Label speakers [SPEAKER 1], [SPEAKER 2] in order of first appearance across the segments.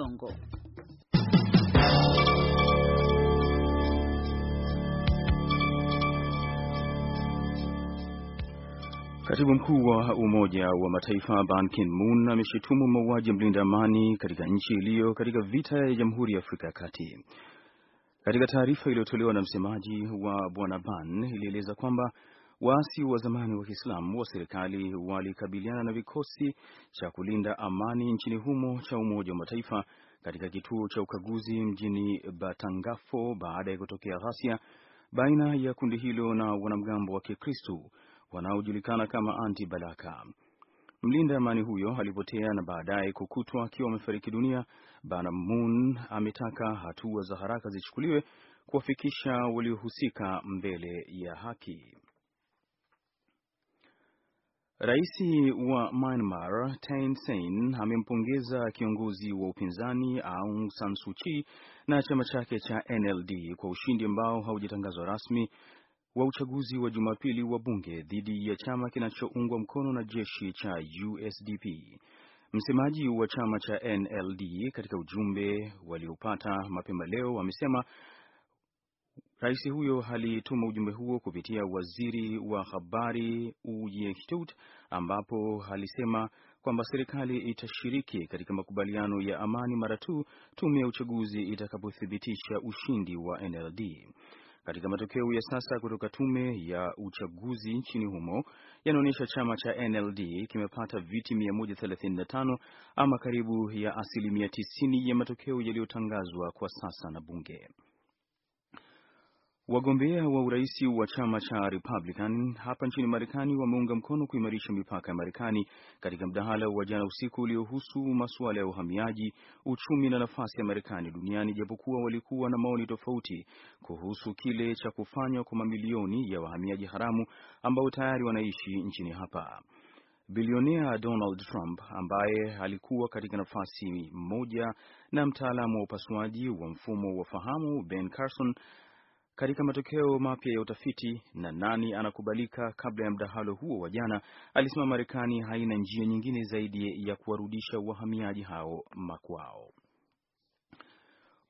[SPEAKER 1] Songo. Katibu mkuu wa Umoja wa Mataifa Ban Ki-moon ameshutumu mauaji mlinda amani katika nchi iliyo katika vita ya Jamhuri ya Afrika ya Kati. Katika taarifa iliyotolewa na msemaji wa Bwana Ban ilieleza kwamba Waasi wa zamani wa Kiislamu wa serikali walikabiliana na vikosi cha kulinda amani nchini humo cha Umoja wa Mataifa katika kituo cha ukaguzi mjini Batangafo baada ya kutokea ghasia baina ya kundi hilo na wanamgambo wa Kikristu wanaojulikana kama Anti Balaka. Mlinda amani huyo alipotea na baadaye kukutwa akiwa amefariki dunia. Bana Moon ametaka hatua za haraka zichukuliwe kuwafikisha waliohusika mbele ya haki. Rais wa Myanmar Thein Sein amempongeza kiongozi wa upinzani Aung San Suu Kyi na chama chake cha NLD kwa ushindi ambao haujatangazwa rasmi wa uchaguzi wa Jumapili wa bunge dhidi ya chama kinachoungwa mkono na jeshi cha USDP. Msemaji wa chama cha NLD katika ujumbe waliopata mapema leo amesema Rais huyo alituma ujumbe huo kupitia waziri wa habari Ujehtut, ambapo alisema kwamba serikali itashiriki katika makubaliano ya amani mara tu tume ya uchaguzi itakapothibitisha ushindi wa NLD. Katika matokeo ya sasa kutoka tume ya uchaguzi nchini humo yanaonyesha chama cha NLD kimepata viti 135 ama karibu ya asilimia 90 ya matokeo yaliyotangazwa kwa sasa na bunge. Wagombea wa urais wa chama cha Republican hapa nchini Marekani wameunga mkono kuimarisha mipaka ya Marekani katika mdahalo wa jana usiku uliohusu masuala ya uhamiaji, uchumi na nafasi ya Marekani duniani, japokuwa walikuwa na maoni tofauti kuhusu kile cha kufanywa kwa mamilioni ya wahamiaji haramu ambao tayari wanaishi nchini hapa. Bilionea Donald Trump ambaye alikuwa katika nafasi moja na mtaalamu wa upasuaji wa mfumo wa fahamu Ben Carson katika matokeo mapya ya utafiti na nani anakubalika. Kabla ya mdahalo huo wa jana, alisema Marekani haina njia nyingine zaidi ya kuwarudisha wahamiaji hao makwao.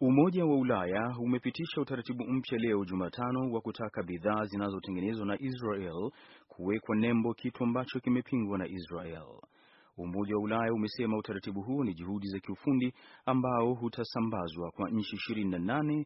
[SPEAKER 1] Umoja wa Ulaya umepitisha utaratibu mpya leo Jumatano wa kutaka bidhaa zinazotengenezwa na Israel kuwekwa nembo, kitu ambacho kimepingwa na Israel. Umoja wa Ulaya umesema utaratibu huo ni juhudi za kiufundi ambao hutasambazwa kwa nchi 28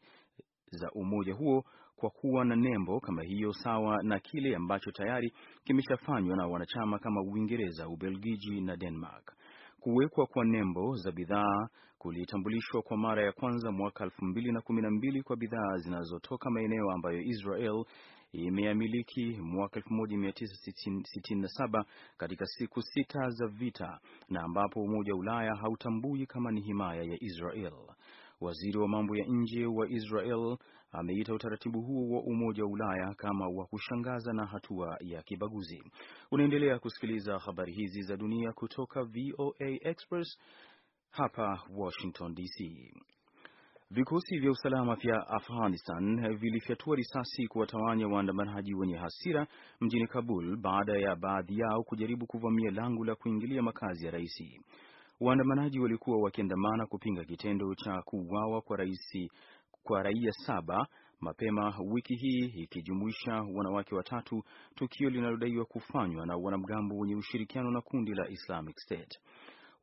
[SPEAKER 1] za umoja huo kwa kuwa na nembo kama hiyo, sawa na kile ambacho tayari kimeshafanywa na wanachama kama Uingereza, Ubelgiji na Denmark. Kuwekwa kwa nembo za bidhaa kulitambulishwa kwa mara ya kwanza mwaka 2012 kwa bidhaa zinazotoka maeneo ambayo Israel imeamiliki mwaka 1967 katika siku sita za vita na ambapo Umoja wa Ulaya hautambui kama ni himaya ya Israel. Waziri wa mambo ya nje wa Israel ameita utaratibu huo wa Umoja wa Ulaya kama wa kushangaza na hatua ya kibaguzi. Unaendelea kusikiliza habari hizi za dunia kutoka VOA Express hapa Washington DC. Vikosi vya usalama vya Afghanistan vilifyatua risasi kuwatawanya waandamanaji wenye hasira mjini Kabul baada ya baadhi yao kujaribu kuvamia lango la kuingilia makazi ya raisi Waandamanaji walikuwa wakiandamana kupinga kitendo cha kuuawa kwa rais kwa raia saba mapema wiki hii ikijumuisha wanawake watatu, tukio linalodaiwa kufanywa na wanamgambo wenye ushirikiano na kundi la Islamic State.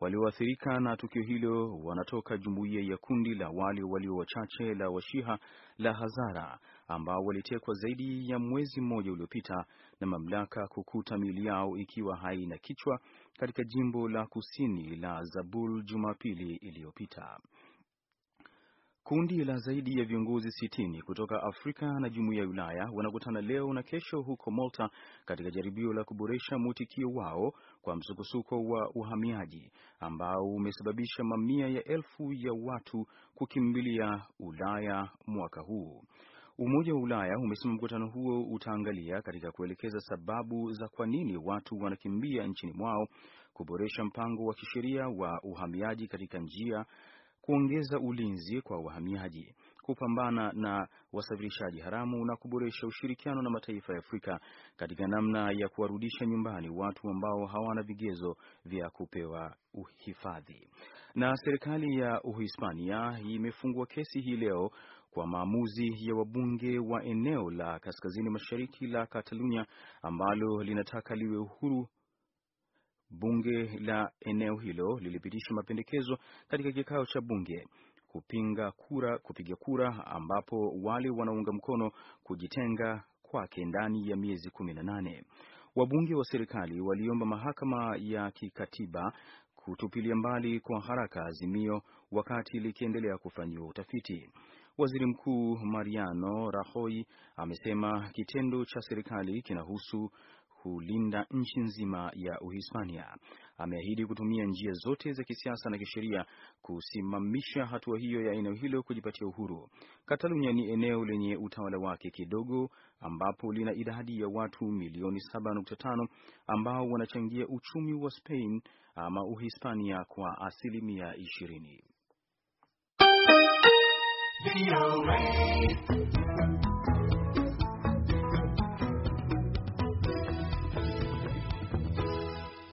[SPEAKER 1] Walioathirika na tukio hilo wanatoka jumuiya ya kundi la wale walio wachache la washiha la Hazara ambao walitekwa zaidi ya mwezi mmoja uliopita na mamlaka kukuta miili yao ikiwa haina kichwa katika jimbo la kusini la Zabul Jumapili iliyopita. Kundi la zaidi ya viongozi sitini kutoka Afrika na Jumuiya ya Ulaya wanakutana leo na kesho huko Malta katika jaribio la kuboresha mwitikio wao kwa msukosuko wa uhamiaji ambao umesababisha mamia ya elfu ya watu kukimbilia Ulaya mwaka huu. Umoja wa Ulaya umesema mkutano huo utaangalia katika kuelekeza sababu za kwa nini watu wanakimbia nchini mwao, kuboresha mpango wa kisheria wa uhamiaji katika njia kuongeza ulinzi kwa wahamiaji, kupambana na wasafirishaji haramu na kuboresha ushirikiano na mataifa ya Afrika katika namna ya kuwarudisha nyumbani watu ambao hawana vigezo vya kupewa uhifadhi. Na serikali ya Uhispania imefungua kesi hii leo kwa maamuzi ya wabunge wa eneo la kaskazini mashariki la Katalunya ambalo linataka liwe uhuru Bunge la eneo hilo lilipitisha mapendekezo katika kikao cha bunge kupinga kura, kupiga kura ambapo wale wanaunga mkono kujitenga kwake ndani ya miezi 18. Wabunge wa serikali waliomba mahakama ya kikatiba kutupilia mbali kwa haraka azimio wakati likiendelea kufanyiwa utafiti. Waziri Mkuu Mariano rahoi amesema kitendo cha serikali kinahusu kulinda nchi nzima ya Uhispania. Ameahidi kutumia njia zote za kisiasa na kisheria kusimamisha hatua hiyo ya eneo hilo kujipatia uhuru. Katalunya ni eneo lenye utawala wake kidogo, ambapo lina idadi ya watu milioni 7.5 ambao wanachangia uchumi wa Spain ama Uhispania kwa asilimia 20.